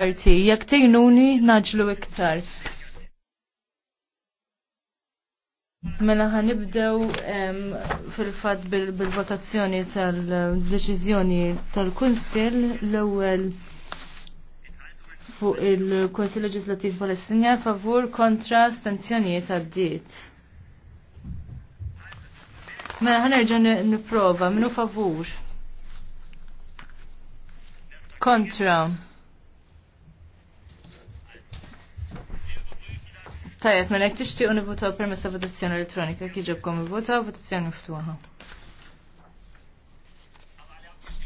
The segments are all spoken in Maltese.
parti, jekk tejnuni naġlu iktar. Mela ħanibdew fil-fat bil-votazzjoni tal-deċizjoni tal-Kunsil l-ewwel fuq il-Kunsil Leġislativ Palestinja favur kontra stanzjonijiet għaddiet. Mela ħanerġa' nipprova minnu favur. Kontra. Tajjeb, mela jekk tixtiequ nivvutaw permezz ta' votazzjoni elettronika kif ġobkom ivvutaw votazzjoni miftuħa.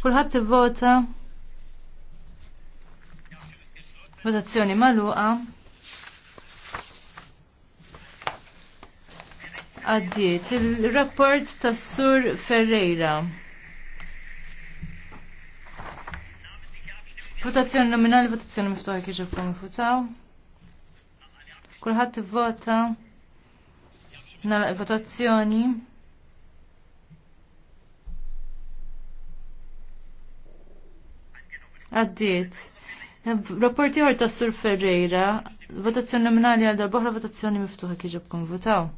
Kulħadd ivvota. Votazzjoni magħluqa. Għaddiet, il-rapport tas Sur Ferreira. Votazzjoni nominali, votazzjoni miftuħa kif ġobkom ivvutaw. Kulħadd ivvota nagħlaq il-votazzjoni. Għaddiet. Rapporti ta' Sur Ferreira, votazzjoni nominali għal darbohra votazzjoni miftuħa kieġib konvotaw.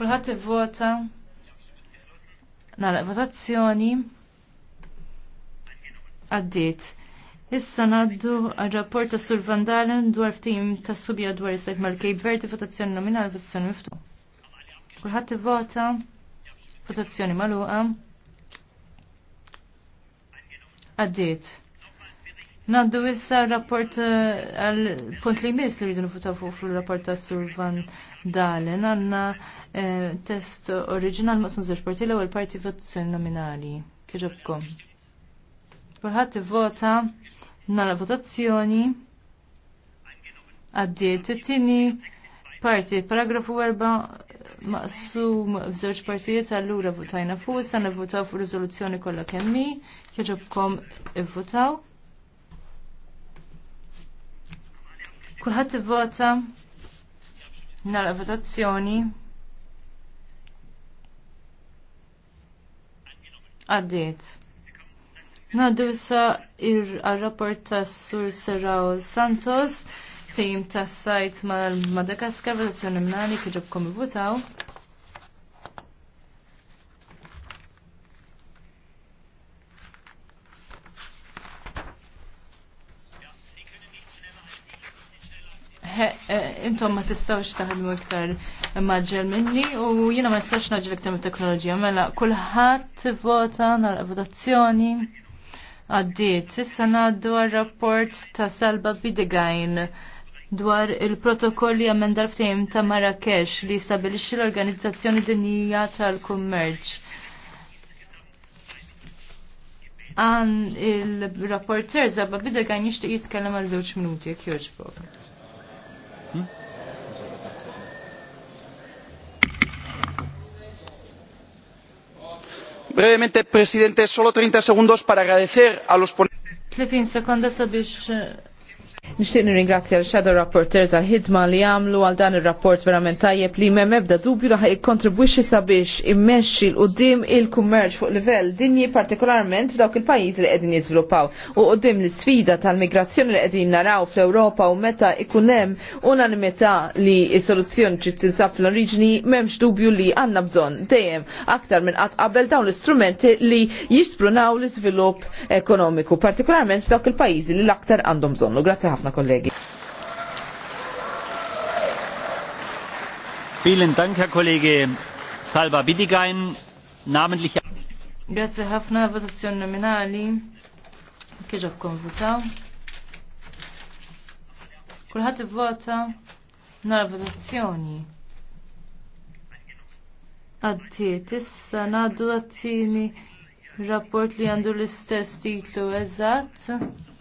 Kulħadd ivvota nala votazzjoni għaddiet. Issa naddu għal-rapport ta' Sur Van Dalen dwar ftim ta' subja dwar is mal-Cape Verdi, votazzjoni nominali votazzjoni miftu. Kulħadd vota votazzjoni magħluqa. Għaddit. Naddu issa rapport eh, għal-punt li jmiss li rridu nifutaw fuq fil-rapport ta' Sur Van Dalen għandna eh, test oriġinal ma' żewġ parti l-ewwel parti votazzjoni nominali. Kieġobkom. Kulħadd vota nara votazzjoni għaddiet it-tieni parti paragrafu 4 maqsum f'żewġ partijiet allura votajna fuq issa nivvutaw fuq riżoluzzjoni kollha kemm hi jogħġobkom ivvutaw. Kulħadd ivvota nara votazzjoni. Għaddiet. Na, issa ir-rapport ta' Sur Serrao Santos, tim ta' sajt ma' Madagaskar, votazzjoni mnani komi votaw. Eh, intom ma tistawx taħdmu iktar maġġel minni u jina ma nistax naġġel iktar mit teknoloġija mela kulħadd vota nal votazzjoni għaddiet. Issa ngħaddu għar-rapport ta' Salba Bidegain dwar il-protokolli għamendar ftehim ta' Marrakesh li stabilixxi l-Organizzazzjoni Dinija tal-Kummerċ. Għan il-rapporter Zabba Bidegain jixtieq jitkellem għal żewġ minuti jekk jogħġbok. Hm? brevemente presidente solo treinta segundos para agradecer a los ponentes Nixtieq nirringrazzja l shadow Rapporteurs għal ħidma li għamlu għal dan ir-rapport verament tajjeb li m'hemm ebda dubju li ħaj ikkontribwixxi sabiex immexxi l qudiem il-kummerċ fuq livell dinji partikolarment f'dawk il-pajjiżi li qegħdin jiżviluppaw u qudiem l-isfida tal-migrazzjoni li qegħdin naraw fl-Ewropa u meta ikun hemm unanimità li s-soluzzjoni trid tinsab fl-oriġini m'hemmx dubju li għandna bżonn dejjem aktar minn qatt qabel dawn l-istrumenti li jisprunaw l-iżvilupp ekonomiku, partikolarment f'dawk il-pajjiżi li l-aktar għandhom bżonnu. Grazie ħafna ħafna kollegi. Vielen Dank, Herr Kollege Salva Bidigain. Namentlich. Grazie ħafna votazzjoni nominali. Kieġob konvutaw. Kulħadd vota nara votazzjoni. Għaddi, tissa naddu għattini rapport li għandu l-istess titlu eżatt.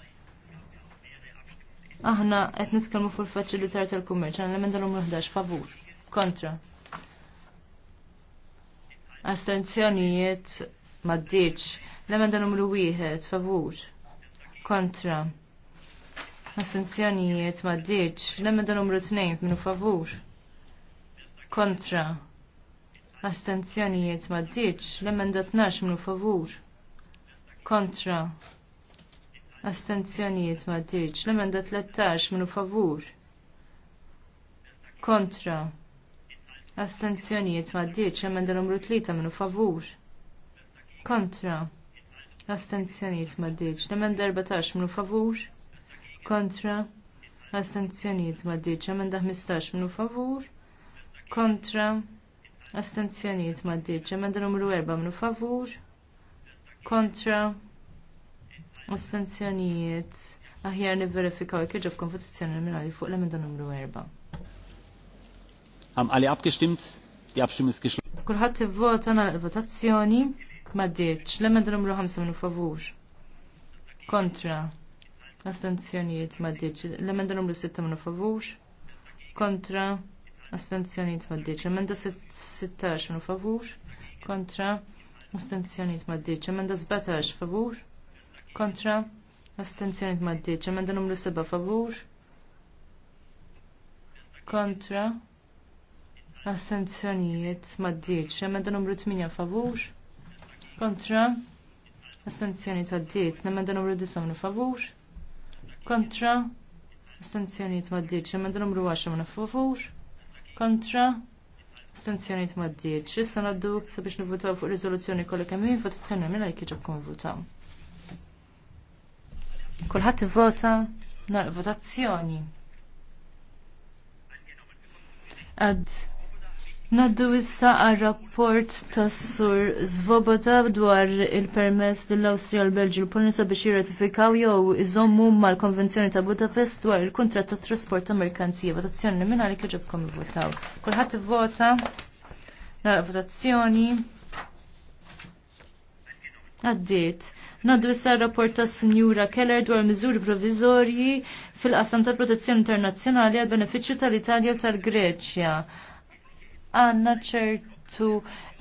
Aħna qed nitkellmu fuq il-faċilitar tal-kummerċ, għal l-emenda numru 11 favur. Kontra. Astenzjonijiet maddiċ. L-emenda numru 1 favur. Kontra. Astenzjonijiet maddiċ. L-emenda numru 2 minu favur. Kontra. Astenzjonijiet maddiċ. L-emenda 12 minu favur. Kontra. Astenzjonijiet ma ddirċ. L-emenda 13 minu favur. Kontra. Astenzjonijiet ma l Emenda numru 3 minu favur. Kontra. Astenzjonijiet ma ddirċ. L-emenda 14 minu favur. Kontra. Astenzjonijiet ma l Emenda 15 minu favur. Kontra. Astenzjonijiet ma l Emenda numru 4 minu favur. Kontra. Astenzjonijiet. Aħjar niverifikaw jekk iġobkom l-minali fuq l-emenda numru 4. Am għali abgestimmt? Die Abstimmung ist geschlossen. Kulħadd ivvota nagħlaq l votazzjoni ma L-emenda numru 5 minn favur. Kontra. Astenzjonijiet ma L-emenda numru 6 minn favur. Kontra. Astenzjonijiet ma L-emenda 16 minn favur. Kontra. Astenzjonijiet ma L-emenda 17 favur kontra astenzjoni t-maddiċ. Emenda numru 7 favur kontra astenzjonijiet maddiċ. Emenda numru 8 favur kontra astenzjoni t-addiet. Emenda numru 9 favur kontra astenzjoni t-maddiċ. Emenda numru 10 favur kontra Astenzjoni t-maddiċ. Issa għaddu sabiex nivutaw fuq rizoluzzjoni kollha kemm votazzjoni għajkieġab kum votaw. Kulħadd ivvota nar votazzjoni. Ad Naddu issa għal rapport tas sur Zvoboda dwar il-permess dell-Awstrija l belġi l-Polnisa biex jirratifikaw jew iżommu mal-Konvenzjoni ta' Budapest dwar il-kontrat ta' trasport ta' merkanzija. Votazzjoni minn għalik ġobkom votaw. Kulħadd ivvota nara votazzjoni. Għaddiet. Naddu issa rapport ta' Sinjura Keller dwar miżuri provizorji fil-qasam ta' protezzjoni internazzjonali għal beneficju tal-Italja u tal-Greċja. Għanna ċertu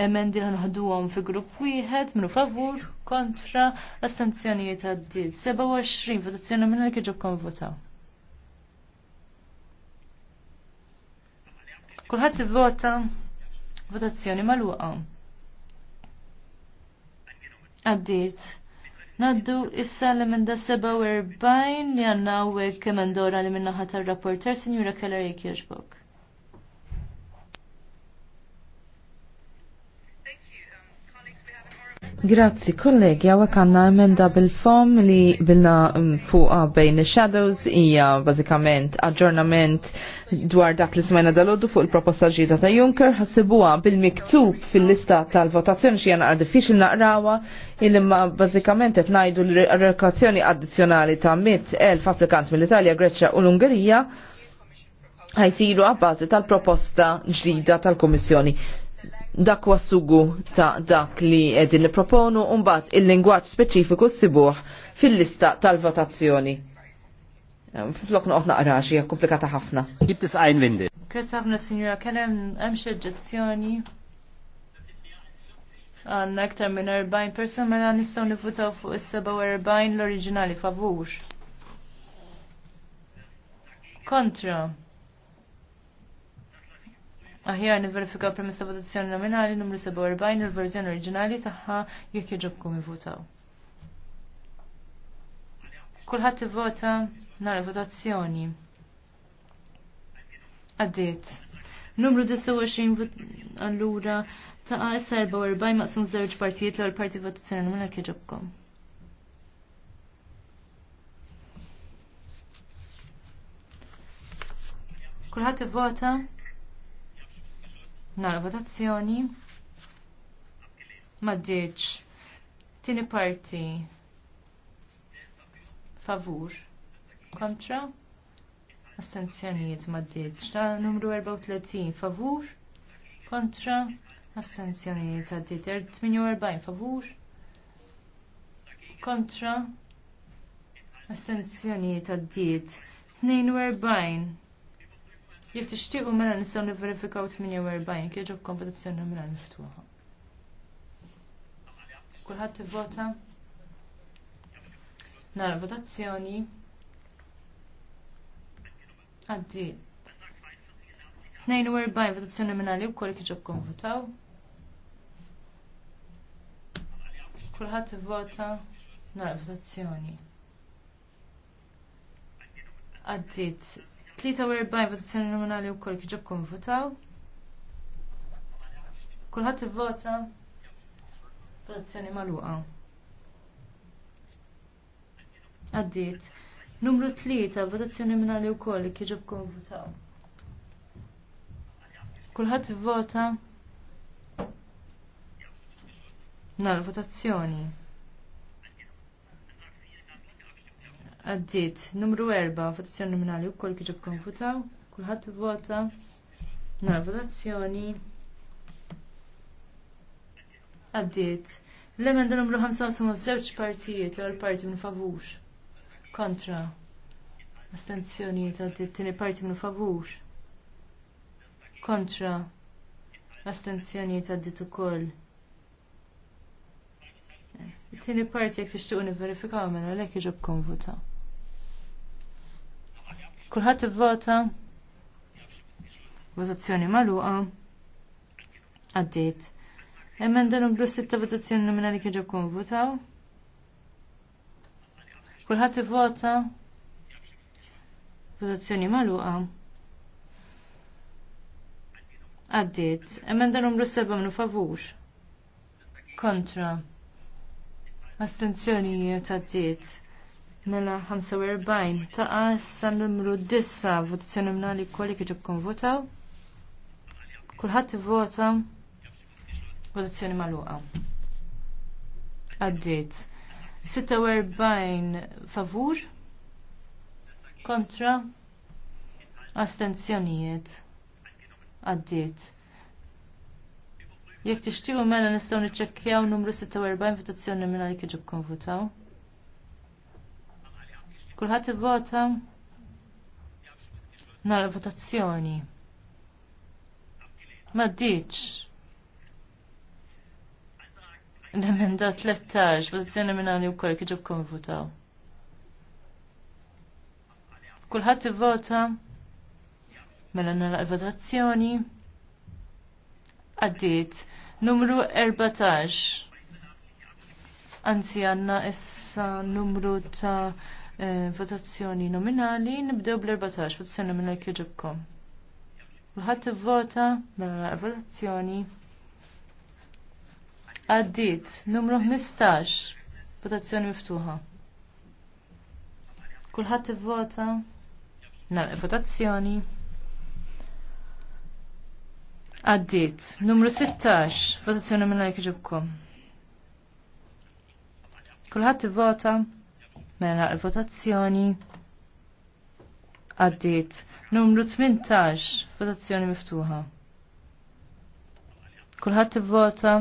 emendi ħanħdu għom fi grupp wieħed minu favur kontra astenzjonijiet dil 27 votazzjoni minna kieġob kon votaw. Kulħadd vota votazzjoni magħluqa. Għaddiet. Naddu issa li minn da 47 li għanna u kemendora li minnaħat ħatar rapporter, Signora Keller Jekjoġbok. Grazzi kollegi, għu għanna emenda bil-fom li bilna mm, fuqa bejn shadows hija bazikament aġġornament dwar dak li smajna dal-oddu fuq il-proposta ġida ta' Juncker, ħassibuha bil-miktub fil-lista tal-votazzjoni xi jana artificial naqrawa il-imma bazikament qed ngħidu l rekazzjoni addizzjonali ta' 100,000 applikant mill-Italja, Greċja u l-Ungerija ħajsiru għabbażi tal-proposta ġdida tal-Kummissjoni dak wassugu ta' dak li edin niproponu unbat il-lingwaġġ speċifiku s-sibuħ fil-lista tal-votazzjoni. Flok noqot naqra hija komplikata ħafna. Gibt għajn vindi. Kretz ħafna Sinjura kena hemm xi oġġezzjoni. Għandna aktar minn 40 ma għan nistgħu nifutaw fuq is-47 l-oriġinali favur. Kontra. Aħjar niverifika permess ta' votazzjoni nominali numru 47 il-verżjoni oriġinali tagħha jekk jiġobkom ivvutaw. Kulħadd ivvota nhar votazzjoni. Għaddiet. Numru 29 allura ta' 44 maqsum żewġ partijiet l parti votazzjoni nominali jekk Kulħadd ivvota? Nara votazzjoni. ma Maddiċ. Tini parti. Favur. Kontra. ma maddiċ. ta' numru 34. Favur. Kontra. ta' għaddit. 48. Favur. Kontra. ta' għaddit. 42. Jif tixtiequ mela nistgħu nivverifikaw 48 kieġu kompetizzjoni mela miftuħa. Kulħadd tivvota? Nara votazzjoni. Għaddi. 42 votazzjoni nominali u kolli kieġu konvotaw. Kulħadd tivvota? Nara votazzjoni. għaddi 43 votazzjoni nominali wkoll kif ġobkom votaw. Kulħadd vota votazzjoni magħluqa. Għaddiet. Numru 3 votazzjoni nominali wkoll kif ġobkom votaw. Kulħadd vota. Nal votazzjoni. Għaddit, numru 4, votazzjoni nominali u koll kħiġib konfutaw, kullħat vota, nara votazzjoni. Għaddit, l-emenda numru 5 55 żewġ partijiet, l-għal parti minn favux. kontra, astenzjoniet għaddit, tini parti minn favux. kontra, astenzjoniet għaddit u koll. Eh, tini parti jek tixtiquni verifikaw mela lek iġob konvuta. Kulħadd ivvota. Votazzjoni magħluqa. Għaddiet. Emenda numru sitta votazzjoni nominali kien ġew konvutaw. Kulħadd ivvota. Votazzjoni magħluqa. Għaddiet. Emenda numru seba' minu favur. Kontra. Astenzjonijiet għaddiet. Mela 45 ta' sa numru 9 votazzjoni nominali kolli kif ġobkom votaw. Kulħadd ivvota votazzjoni magħluqa. għaddit 46 favur kontra astenzjonijiet għaddiet. Jekk tixtiequ mela nistgħu niċċekkjaw numru 46 votazzjoni nominali kif ġobkom votaw. Kulħadd ivvota nara votazzjoni. Ma ddiċ. L-emenda 13, votazzjoni nominali wkoll kif ġobkom votaw. Kulħadd ivvota mela nara votazzjoni. Għaddit, Numru 14. Anzi għanna issa numru ta' Eh, votazzjoni nominali, nibdew bl-14, votazzjoni nominali kieġibkom. Mela Kulħadd ivvota mela votazzjoni. Għaddit, numru 15, votazzjoni miftuħa. Kulħadd ivvota nagħlaq votazzjoni. Għaddit, numru 16, votazzjoni nominali kieġibkom. Kulħadd vota Mela il-votazzjoni għaddit. Numru 18, votazzjoni miftuħa. Kulħadd ivvota.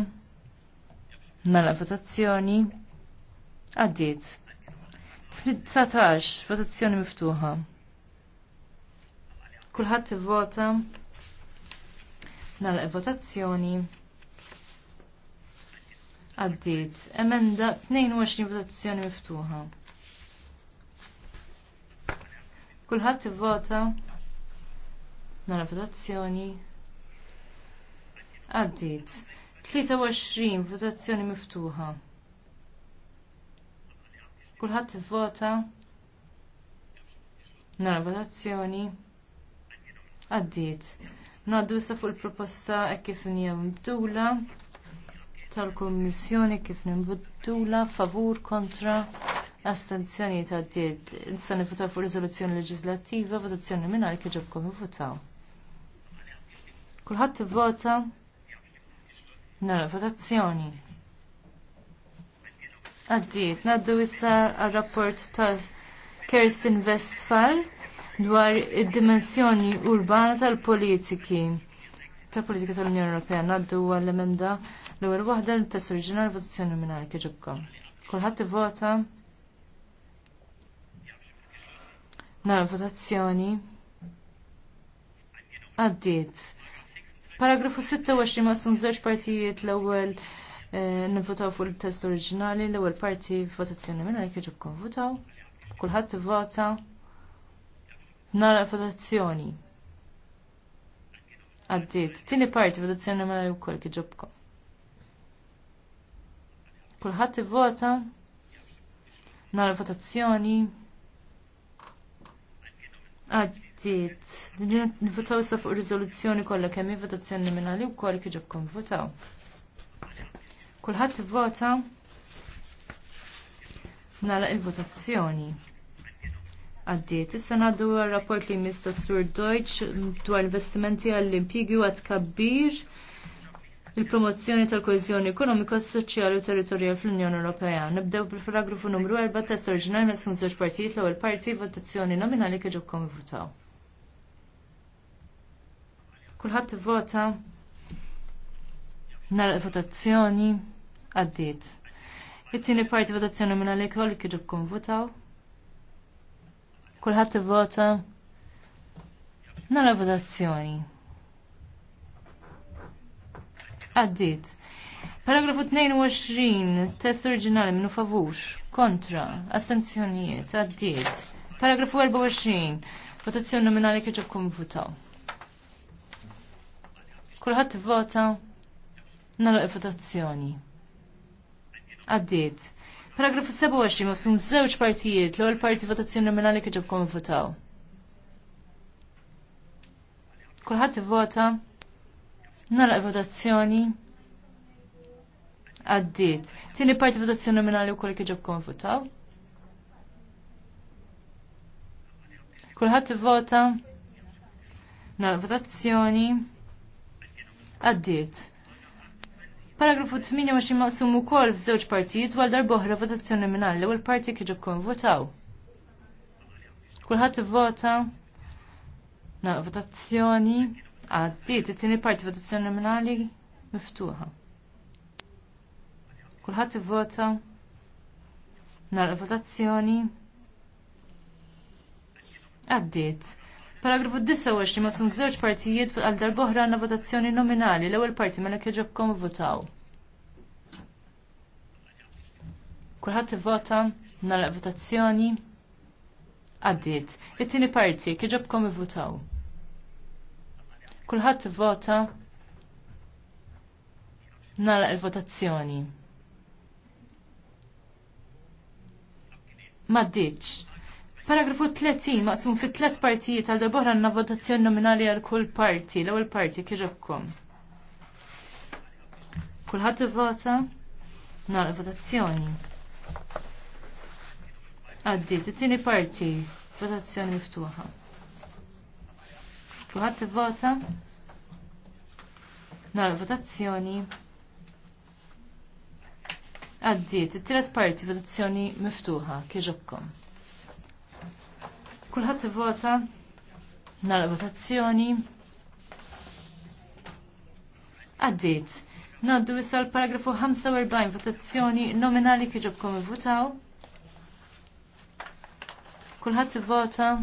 Nala mela, votazzjoni. għaddit 19, votazzjoni miftuħa. Kulħadd ivvota. il mela, votazzjoni. għaddit Emenda 22 votazzjoni miftuħa. Kulħadd ivvota nara votazzjoni. Għaddit. 23 votazzjoni miftuħa. Kulħadd ivvota nara votazzjoni. Għaddit. Naddu sa fuq il-proposta e kif nijamdula tal-Kommissjoni kif nimbuddula favur kontra astenzjoni ta' d-diet. Nista' nifutaw fuq riżoluzzjoni leġislattiva, votazzjoni minn għal kieġobkom votaw. Kulħadd ivvota nara votazzjoni. Għaddiet, naddu issa għal-rapport tal Kerstin Westfall dwar id-dimensjoni urbana tal-politiki tal-politika tal-Unjoni Ewropea naddu għall-emenda l-ewwel waħda l-test oriġinali votazzjoni nominali kieġibkom. Kulħadd ivvota Nar votazzjoni. Għaddiet. Paragrafu 26 ma' sun zewġ partijiet l-ewwel eh, nivvotaw fuq il-test oriġinali, l-ewwel parti votazzjoni minn hekk jiġu votaw. Kulħadd ivvota. Nara votazzjoni. Għaddiet. Tieni parti votazzjoni minn wkoll kieġobkom. Kulħadd ivvota. Nara votazzjoni. Għaddit, nifutaw sa fuq rizoluzzjoni kollha kemm votazzjoni nominali u koll kieġob konvotaw. Kulħadd vota nagħlaq il-votazzjoni. Għaddiet, issa ngħaddu għal rapport li mista Sur Deutsch dwar investimenti għall-impjigi u għad kabbir il-promozzjoni tal-koezjoni ekonomika, soċjali u territorjali fl-Unjoni Ewropea. Nibdew bil-paragrafu numru 4 test oriġinali minn żewġ partijiet l-ewwel parti votazzjoni nominali kif ġobkom votaw. Kulħadd tivvota? nara votazzjoni għaddiet. It-tieni parti votazzjoni nominali kol kif ġobkom votaw. Kulħadd ivvota nara votazzjoni għaddit. Paragrafu 22, test oriġinali minnu favux kontra, astenzjonijiet, għaddit. Paragrafu 24, votazzjoni nominali kieġob kum votaw. Kulħadd vota nagħlaq votazzjoni. Għaddit. Paragrafu 27 maqsum żewġ partijiet l għol parti votazzjoni nominali kieġob kum votaw. Kulħadd vota Nara votazzjoni. Għaddit. Tieni parti votazzjoni nominali wkoll kif ġobkom votaw. Kulħadd vota Nara votazzjoni. Għaddit. Paragrafu 28 maqsum ukoll f'żewġ partijiet għal darboħra votazzjoni nominali u l-parti kif ġobkom votaw. Kulħadd vota Nara votazzjoni Għaddit, it-tini parti votazzjoni nominali miftuħa. Kulħadd ivvota nar votazzjoni għaddiet. Paragrafu 29 ma sun żewġ partijiet għal darbohra għandna votazzjoni nominali l-ewwel parti mela kieġobkom votaw. Kulħadd ivvota nar votazzjoni għaddiet. It-tieni parti kieġobkom ivvotaw. votaw Kulħadd vota nala il-votazzjoni. Maddiċ. Paragrafu 30 maqsum fit tlet partijiet għal darbohra għanna votazzjoni nominali għal kull parti, l-ewwel parti kieġobkom. Kulħadd ivvota il votazzjoni. Għaddiet, it-tieni parti, votazzjoni miftuħa. Kulħadd ivvota. Nara votazzjoni. Għaddiet, it-tielet parti votazzjoni miftuħa kieġobkom. Kulħadd ivvota. Nara votazzjoni. Għaddiet. Naddu issa l-paragrafu 45 votazzjoni nominali kieġobkom votaw. Kulħadd vota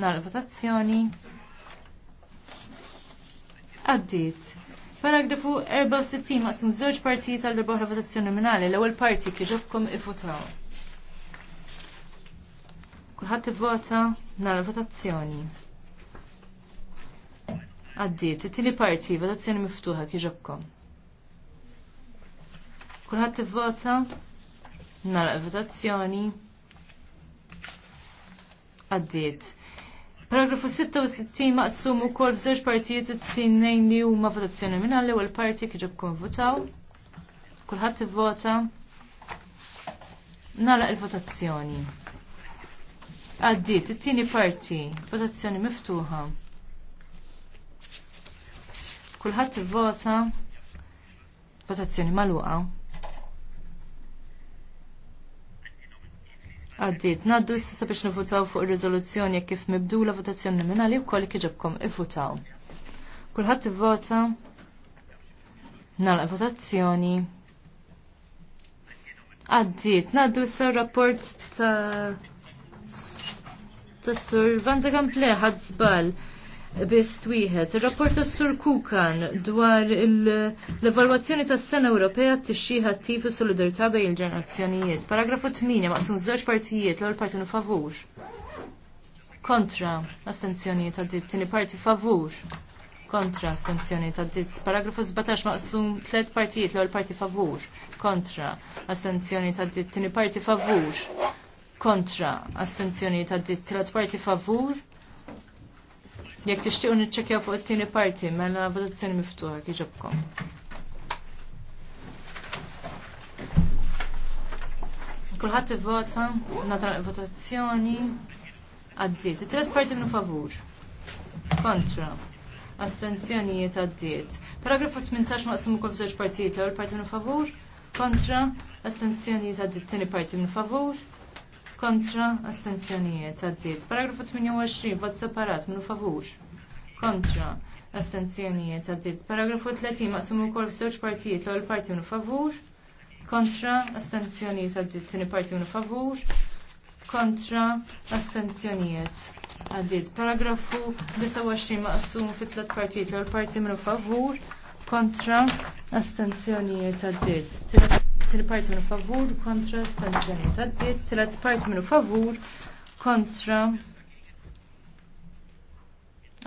Nara votazzjoni. Għaddit. Paragrafu 64 maqsum żewġ partijiet tal darba votazzjoni nominali. L-ewwel parti kieġobkom t Kulħadd ivvota nagħla votazzjoni. Għaddit, t tieni parti votazzjoni miftuħa kieġobkom. Kulħadd ivvota l votazzjoni. Għaddit. Paragrafu 66 maqsum ukoll f'żewġ partijiet it-tinnejn li huma votazzjoni minn l-ewwel parti kif ġobkom votaw. Kulħadd ivvota. Nagħlaq il-votazzjoni. Għaddiet, it-tieni parti, votazzjoni miftuħa. Kulħadd ivvota. Votazzjoni magħluqa. Għaddit, naddu jistessa biex nifutaw fuq il-rezoluzzjoni kif mibdu la votazzjoni nominali u kolli kieġabkom ifutaw. Kulħat vota nalla votazzjoni Għaddit, naddu jistessa rapport ta' s sur Vanda Gample ħad biss wieħed. Ir-rapport tas Sur Kukan dwar l-evalwazzjoni tas-sena Ewropea t-tixxi ħattiv solidarità bejn il-ġenerazzjonijiet. Paragrafu 8 maqsum żewġ partijiet l-ewwel parti favur. Kontra, astenzjonijiet għaddit, tieni parti favur. Kontra, astenzjonijiet għaddit. Paragrafu 17 maqsum tliet partijiet l-ewwel parti favur. Kontra, astenzjonijiet għaddit, tieni parti favur. Kontra, astenzjonijiet għaddit, tliet parti favur Jekk tixtiequ niċċekkja fuq it-tieni parti mela votazzjoni miftuħa kieġobkom. Kulħadd ivvota, natraq votazzjoni għaddiet. It-tret parti minn favur. Kontra. Astenzjonijiet għaddiet. Paragrafu 18 maqsum ukoll żewġ partijiet l-ewwel parti minn favur. Kontra. Astenzjonijiet għaddiet tieni parti minn favur kontra astenzjonijiet għaddiet. Paragrafu 28 vot separat minu favur kontra astenzjonijiet għaddiet. Paragrafu 30 maqsum ukoll sewċ partijiet l għol parti minu favur kontra astenzjonijiet għaddiet. Tieni parti minu favur kontra astenzjonijiet għaddiet. Paragrafu 29 maqsumu fit-tlet partijiet l għol parti minu favur kontra astenzjonijiet għaddiet tel parti minu favur kontra stanzjoni ta' tel tilet parti minu favur kontra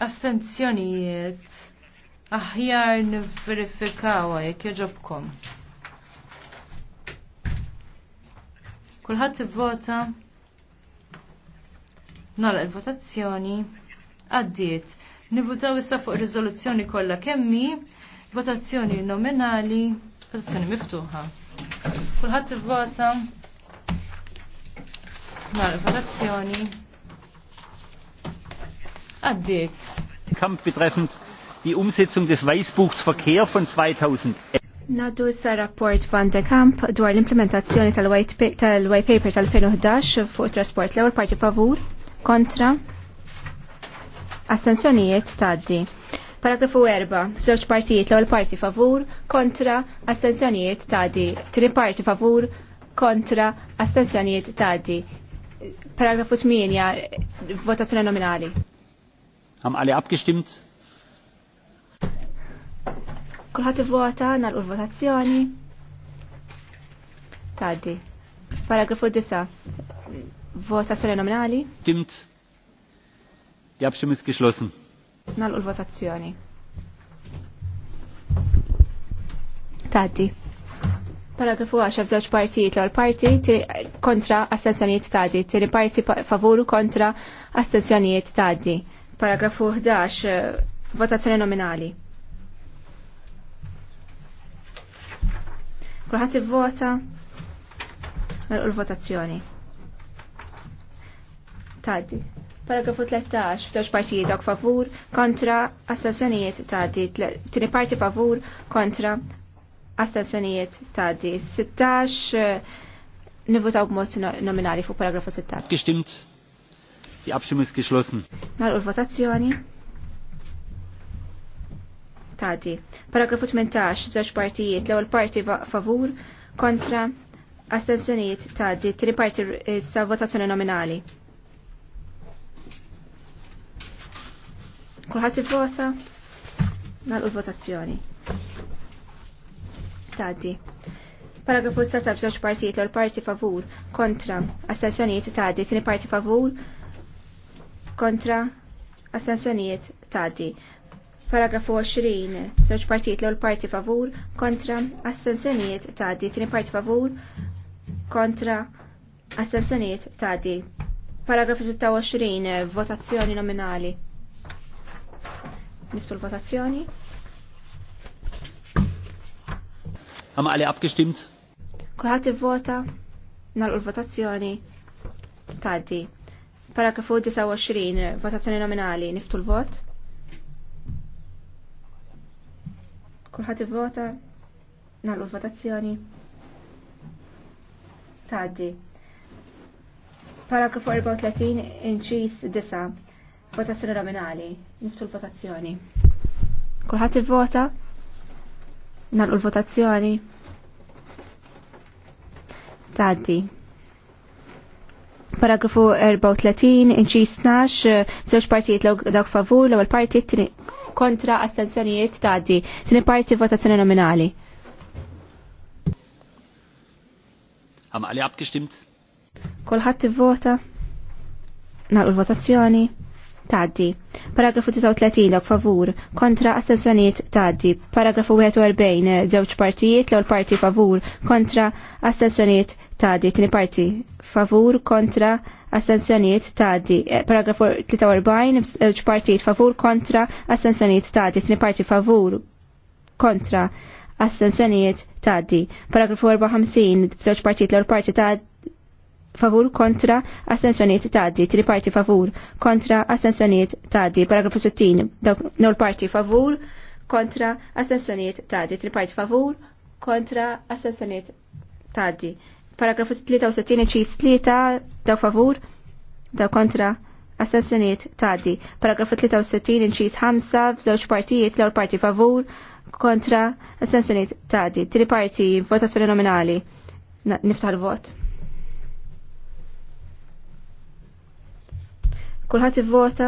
astenzjonijiet aħjar nivverifikawa jekk joġobkom. Kulħadd ivvota nagħlaq il-votazzjoni għaddiet. Nivutaw issa fuq riżoluzzjoni kollha kemmi, votazzjoni nominali, votazzjoni miftuħa. Kulħadd ivvota mal votazzjoni għaddiet. Kamp betreffend die Umsetzung des Weißbuchs Verkehr von 2011. Naddu issa rapport van de Kamp dwar l-implementazzjoni tal-White tal Paper tal-2011 fuq trasport l ewel parti favur, kontra, astensjonijiet tgħaddi. Paragrafu 4, żewġ partijiet l-ewwel parti favur, kontra, astensjonijiet tgħaddi. Tri parti favur, kontra, astensjonijiet tgħaddi. Paragrafu 8, votazzjoni nominali. Ham alle abgestimmt? Kulħadd ivvota nagħlqu l-votazzjoni. Tadi. Paragrafu 9. Votazzjoni nominali. Stimmt. Die Abstimmung ist geschlossen. Nalqu l-votazzjoni. Taddi. Paragrafu 10 f'żewġ partijiet l-għal parti kontra astensjonijiet taddi, tieni parti favuru kontra astensjonijiet tadi. Paragrafu 11 eh, votazzjoni nominali. Kulħadd vota nagħlqu l-votazzjoni. Taddi. Paragrafu 13, f'żewġ partijiet favur kontra astensjonijiet tgħaddi, tieni parti favur kontra astensjonijiet tgħaddi. 16 eh, nivutaw b'mod nominali fuq paragrafu 16. Gestimmt. di Abstimmung ist geschlossen. Nal l-votazzjoni. Tgħaddi. Paragrafu 18, f'żewġ partijiet, l-ewwel parti favur kontra astensjonijiet tgħaddi, tieni parti eh, sa votazzjoni nominali. Kulħadd ivvota nagħlqu votazzjoni. Tgħaddi. Paragrafu 19 f'żewġ partijiet l parti favur kontra astensjonijiet tgħaddi, tieni parti favur kontra astensjonijiet tgħaddi. Paragrafu 20. Żewġ partijiet l parti favur kontra astensjonijiet tgħaddi, tieni parti favur kontra astensjonijiet tgħaddi. Paragrafu 26. Votazzjoni nominali. Niftu l-votazzjoni. għalli għabki abgestimt? Kulħat vota nal l-votazzjoni. Taddi. Paragrafu 29, votazzjoni nominali, niftu l-vot. Kulħat vota nal l-votazzjoni. Taddi. Paragrafu 34, inċis 9 Votazzjoni nominali. Niftu l-votazzjoni. Kulħadd vota Nagħlqu l-votazzjoni. Taddi. Paragrafu 34, inċis 12, bżewġ partijiet dawk favur, l-ewwel partijiet kontra astenzjonijiet taddi. Tieni parti votazzjoni nominali. għalli alle abgestimmt? Kolħat t-vota. Naqlu votazzjoni. Taddi. Paragrafu 39 favur kontra astensjonijiet tgħaddi. Paragrafu 41 żewġ partijiet l parti favur kontra astensjonijiet taddi. Tini e, parti favur kontra astensjonijiet taddi. Paragrafu 43 żewġ partijiet favur kontra astensjonijiet taddi. Tini parti favur kontra astensjonijiet tgħaddi. Paragrafu 54 żewġ partijiet l parti taddi favur kontra astensjoniet taddi, tri parti favur kontra astensjoniet taddi, paragrafu 60, nol parti favur kontra astensjoniet taddi, tri parti favur kontra astensjoniet taddi. Paragrafu 63 ċis 3 daw favur daw kontra astensjoniet taddi. Paragrafu 63 ċis 5 f'żewġ partijiet l parti favur kontra astensjoniet taddi, tri parti votazzjoni nominali. Niftaħ l-vot. Kulħadd ivvota.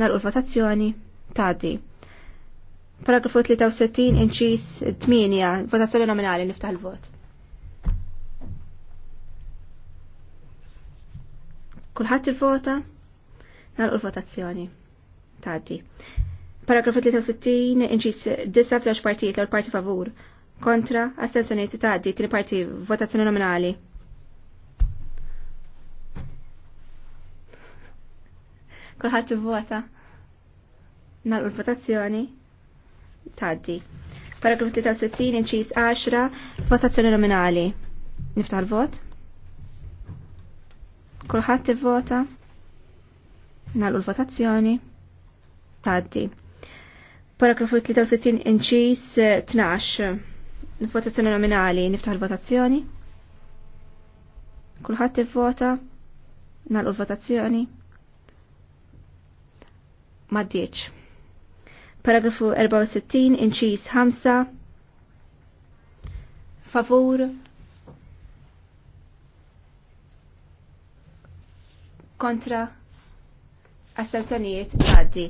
Nagħlqu l-votazzjoni tgħaddi. Paragrafu 63 inċis 8 votazzjoni nominali niftaħ il-vot. Kulħadd ivvota. Nagħlqu l-votazzjoni tgħaddi. Paragrafu 63 inċis 9 partijiet l-parti favur. Kontra, astensjoniet tgħaddi, tieni parti votazzjoni nominali. Kulħadd vota Nagħlqu l-votazzjoni. Taddi. Paragraf 63 inċis 10 votazzjoni nominali. Niftaħ vot Kulħadd vota Nagħlqu l-votazzjoni. Taddi. Paragrafu 63 inċis 12. Votazzjoni nominali. Niftaħ l votazzjoni Kulħadd ivvota. Nagħlqu l-votazzjoni maddieċ. Paragrafu 64, inċis 5, favur, kontra, astensjonijiet taddi.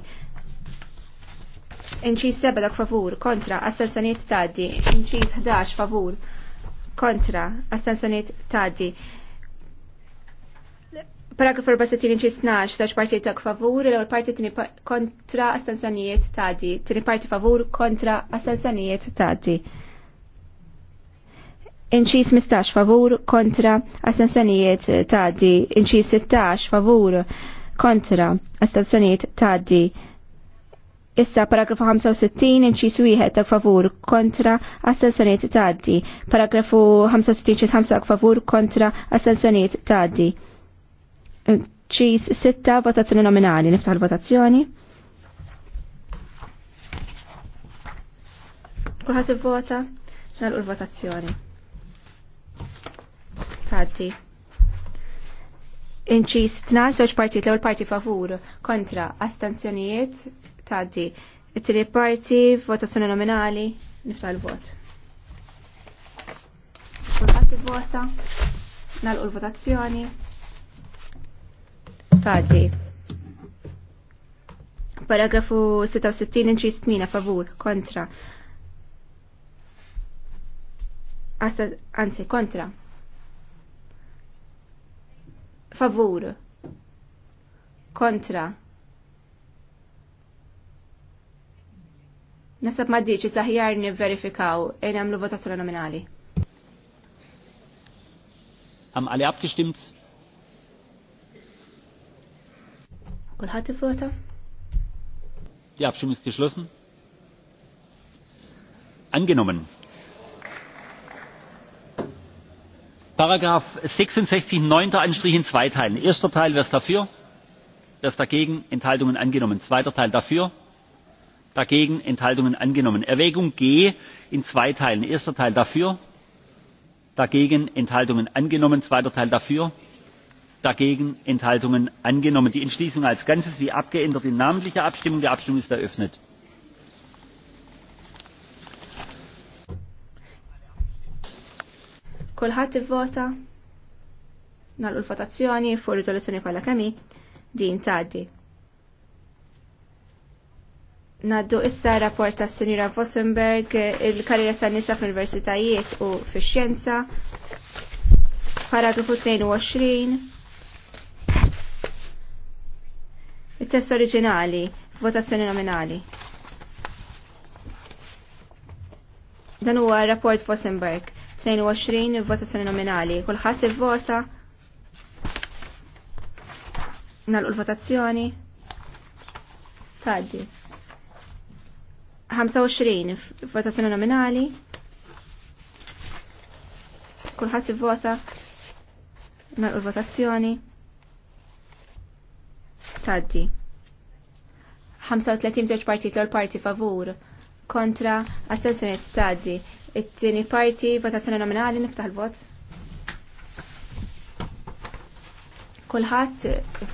Inċis 7 dak favur, kontra, astensjonijiet taddi. Inċis 11 favur, kontra, astensjonijiet taddi. Paragraf 64 ċi 12, taċ parti ta' favur, l parti tini kontra astanzjonijiet tadi. Tini parti favur kontra astanzjonijiet tadi. Inċis 15 favur kontra astanzjonijiet tadi. Inċis 16 favur kontra astanzjonijiet tadi. Issa paragrafu 65 inċis wieħed ta' favur kontra astanzjonijiet tadi. Paragrafu 65 ċis 5 favur kontra astanzjonijiet tadi ċis sitta votazzjoni nominali, niftaħ l-votazzjoni. Kulħat il-vota, nalqu l-votazzjoni. Fatti. Inċis 12 zoċ partit, l-ewel parti favur, kontra, astanzjonijiet, taddi. It-tili parti, votazzjoni nominali, niftaħ l-vot. Kulħat il-vota, nalqu l-votazzjoni tgħaddi. Paragrafu 66 inċis stmina. favur kontra. Asta, anzi, kontra. Favur. Kontra. Nasab ma diċi saħjar verifikaw e namlu votazzjoni nominali. Am alle abgestimmt? Kulħadd ivvota? Die Abstimmung ist geschlossen. Angenommen. Paragraph 66, 9. Anstrich in zwei Teilen. Erster Teil, wer ist dafür? Wer ist dagegen? Enthaltungen angenommen. Zweiter Teil dafür? Dagegen? Enthaltungen angenommen. Erwägung G in zwei Teilen. Erster Teil dafür? Dagegen? Enthaltungen angenommen. Zweiter Teil dafür? dagegen Enthaltungen angenommen. Die Entschließung als Ganzes wie abgeändert in namentlicher Abstimmung. Die Abstimmung ist eröffnet. Kulħadd ivvota nal votazzjoni fuq riżoluzzjoni kollha kemmi din tgħaddi. Naddu issa rapport ta' Sinjura Vossenberg il-karriera ta' nisa fl-universitajiet u fix-xjenza. Paragrafu 22 Il-test oriġinali, votazzjoni nominali. Dan huwa rapport Fossenberg, 22 votazzjoni nominali. Kulħadd ivvota. Nagħlqu l-votazzjoni. Tgħaddi. 25 votazzjoni nominali. Kulħadd ivvota. Nagħlqu l-votazzjoni taddi. 35 żewġ partit l parti favur kontra astensjoniet tgħaddi. It-tieni parti votazzjoni nominali niftaħ il-vot. Kulħadd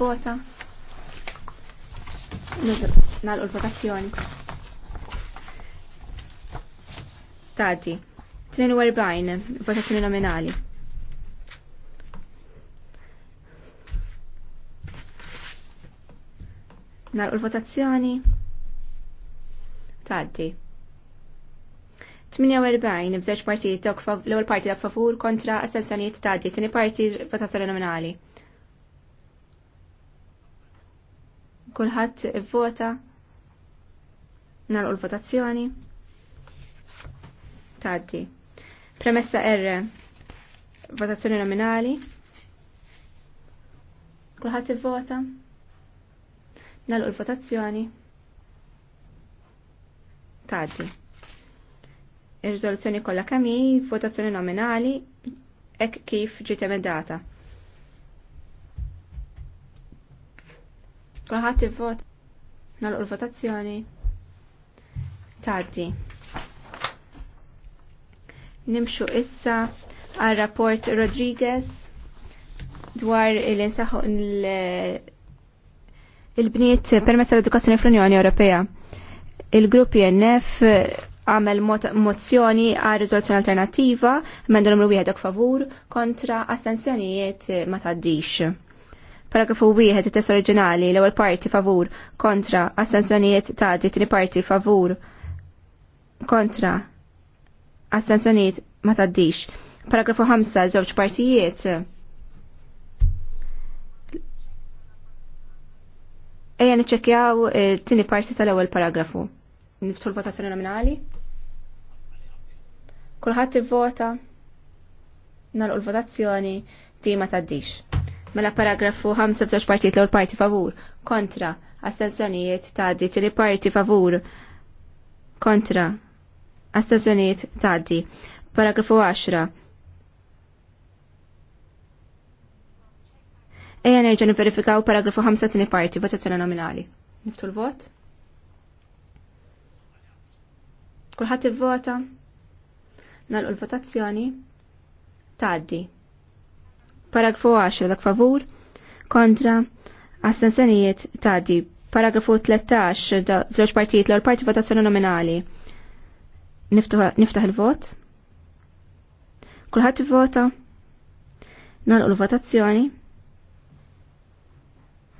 vota nagħlqu l-votazzjoni. Taddi. 42 votazzjoni nominali. Nar l-votazzjoni. Taddi. 48 bżewġ partijiet l-ewwel parti dak favur kontra astensjonijiet tgħaddi, tieni parti votazzjoni nominali. Kulħadd ivvota nar l-votazzjoni. Taddi. Premessa R votazzjoni nominali. Kulħadd ivvota nal l-votazzjoni. Taddi. Ir-riżoluzzjoni kollha kemmi, votazzjoni nominali hekk kif ġiet emendata. Kulħadd ivvot nal votazzjoni Taddi. Nimxu issa għal rapport Rodriguez dwar il-insaħu il il-bniet permezz tal-edukazzjoni fl-Unjoni Ewropea. Il-grupp INF e għamel mozzjoni għal rizoluzzjoni alternativa, mendu numru wieħed favur kontra astensjonijiet ma taddix. Paragrafu wieħed it-test oriġinali l-ewwel parti favur kontra astensjonijiet tgħaddi tieni parti favur kontra astensjonijiet ma taddix. Paragrafu 5 żewġ partijiet Ejja niċċekjaw eh, tini parti tal-ewwel paragrafu. Niftu l-votazzjoni nominali. Kulħadd ivvota nagħlqu l-votazzjoni di ma taddix. Mela paragrafu 5 f'żewġ partijiet l parti favur, kontra, astensjonijiet tgħaddi, tieni parti favur, kontra, astensjonijiet tgħaddi. Paragrafu 10 Eja nerġa' niverifikaw paragrafu 5 tini parti, votazzjoni nominali. Niftu l-vot. Kulħadd ivvota. Nagħlqu l-votazzjoni. Tgħaddi. Paragrafu 10 dak favur. Kontra. Astenzjonijiet tgħaddi. Paragrafu 13 żewġ partijiet l parti votazzjoni nominali. Niftaħ il-vot. Kulħadd ivvota. Nagħlqu l-votazzjoni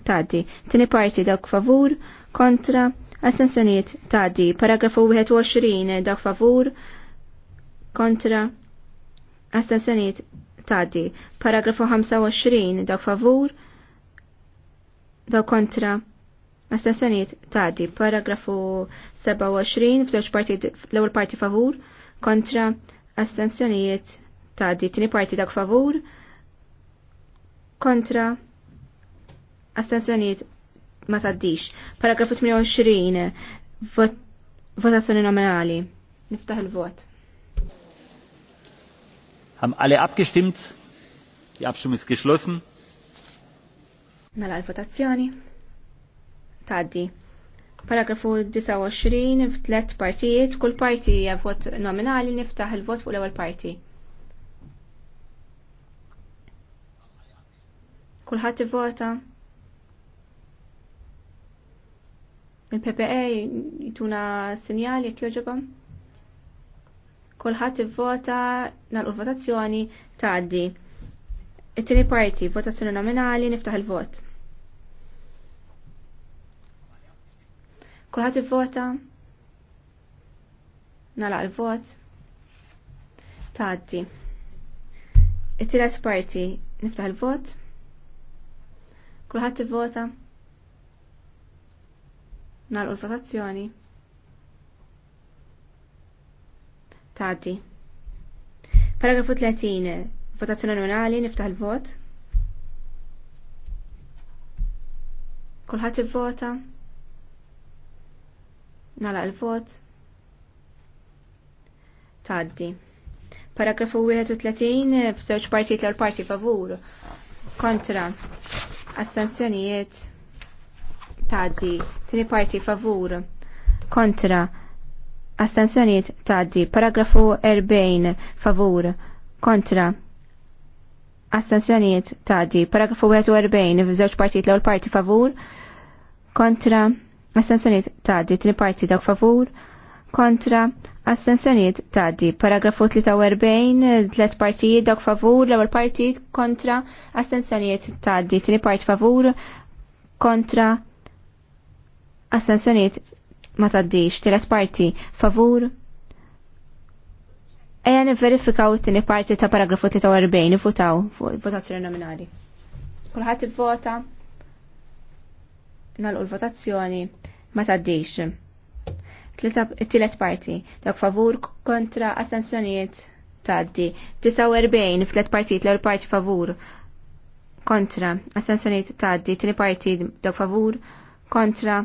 taddi. Tini parti dawk favur kontra astensjoniet tadi. Paragrafu 21 dawk favur kontra astensjoniet tadi. Paragrafu 25 dawk favur dawk kontra astensjoniet tadi. Paragrafu 27 f'żewġ parti l-ewwel parti favur kontra astensjoniet taddi. Tini parti dak favur kontra Astensjoniet ma taddix. Paragrafu 28. votazzjoni nominali. Niftaħ il-vot. Ham alle abgestimmt? Die Abstimmung ist geschlossen. Mela l-votazzjoni. Taddi. Paragrafu 29 f'tlet partijiet, kull parti hija vot nominali niftaħ il-vot fuq l-ewwel parti. Kulħadd ivvota. vota Il-PPA jituna sinjal jekk joġobam? Kolħat vota nal-votazzjoni taħdi. It-tini parti, votazzjoni nominali, niftaħ il-vot. Kulħat vota nalaq il-vot, taħdi. It-tilet parti, niftaħ il-vot. Kulħat vota Nalqu l-votazzjoni. Tati. Paragrafu 30. Votazzjoni nominali, niftaħ il-vot. Kulħadd ivvota. Nalaq il-vot. Taddi. Paragrafu 31 f'żewġ partijiet l-parti favur. Kontra. Astensjonijiet tgħaddi, tieni parti favur kontra astensjonijiet tgħaddi, paragrafu 40 favur kontra astensjonijiet tgħaddi, paragrafu 41 f'żewġ partijiet l-ewwel parti favur kontra astensjonijiet tgħaddi, tieni parti dawk favur kontra astensjonijiet tgħaddi, paragrafu 43 tliet partijiet dawk favur l-ewwel parti kontra astensjonijiet tgħaddi, tieni parti favur kontra Astensjoniet ma taddix. Tilet parti favur. ejja verifikaw it-tini parti ta' paragrafu 43 nifutaw votazzjoni nominali. Kulħadd ivvota. Nalqu l-votazzjoni ma taddix. Tilet parti. Dak favur kontra astensjoniet taddi. 49 f'tlet partit l-ewwel parti favur kontra astensjoniet taddi. Tieni parti dak favur kontra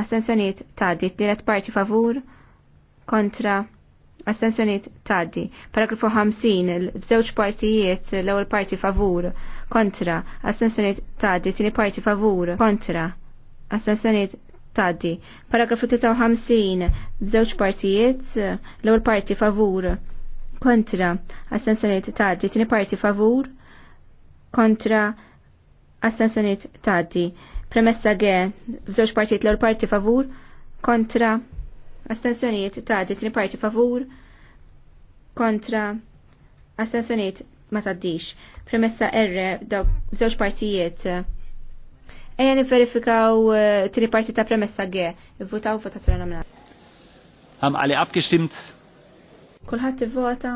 astensjoniet taddi, tielet parti favur kontra astensjoniet taddi. Paragrafu 50, żewġ partijiet l-ewwel parti favur kontra astensjoniet taddi, tieni parti favur kontra astensjoniet taddi. Paragrafu 53, żewġ partijiet l-ewwel parti favur kontra astensjoniet taddi, tieni parti favur kontra astensjoniet tati. Premessa G, f'żewġ partijiet l-ewwel parti favur kontra astensjoniet tati tri parti favur kontra astensjoniet ma taddix. Premessa R, f'żewġ partijiet Ejja niverifikaw eh, tieni parti ta' premessa G, votaw votazzjoni nominali. Ham għali abgestimmt? Kulħadd ivvota.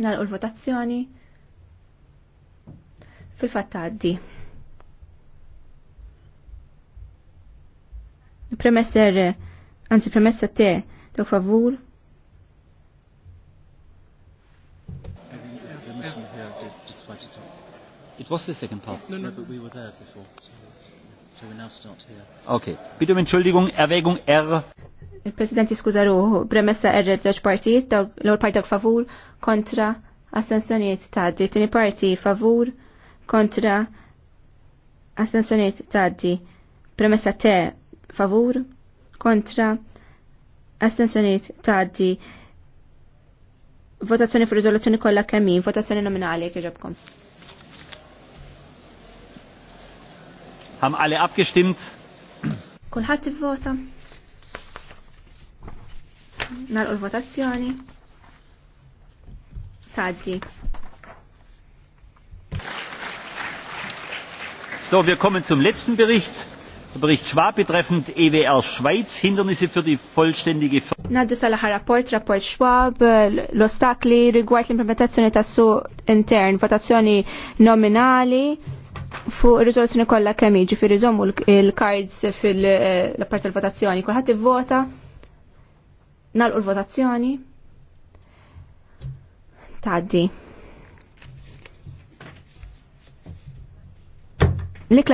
Nagħlqu l-votazzjoni fil-fatt għaddi. Premesser, anzi premessa er te, dok favur. It was the second part. No, no, but we were there before. So we now start here. Okay. Bidu um Entschuldigung, Erwägung R. Il-President jiskuza ruħu, premessa R żewġ partijiet, l-ewwel parti favur, kontra, assenzjonijiet ta' tieni parti favur, kontra astensjoniet taddi. Premessa te favur kontra astensjoniet taddi. Votazzjoni fu riżoluzzjoni kollha kemm votazzjoni nominali jekk iġobkom. Ham alle abgestimmt? Kulħadd ivvota. Nagħlqu l-votazzjoni. Tgħaddi. So, wir kommen zum letzten Bericht. Bericht Schwab betreffend EWR Schweiz, Hindernisse für die vollständige Naddu sal-aħħar rapport, rapport Schwab, l-ostakli rigward l-implementazzjoni tas-su intern, votazzjoni nominali fuq risoluzzjoni kollha kemm jiġifieri żommu l-cards fil-part eh, tal-votazzjoni. Kulħadd ivvota nagħlqu l-votazzjoni. Tgħaddi.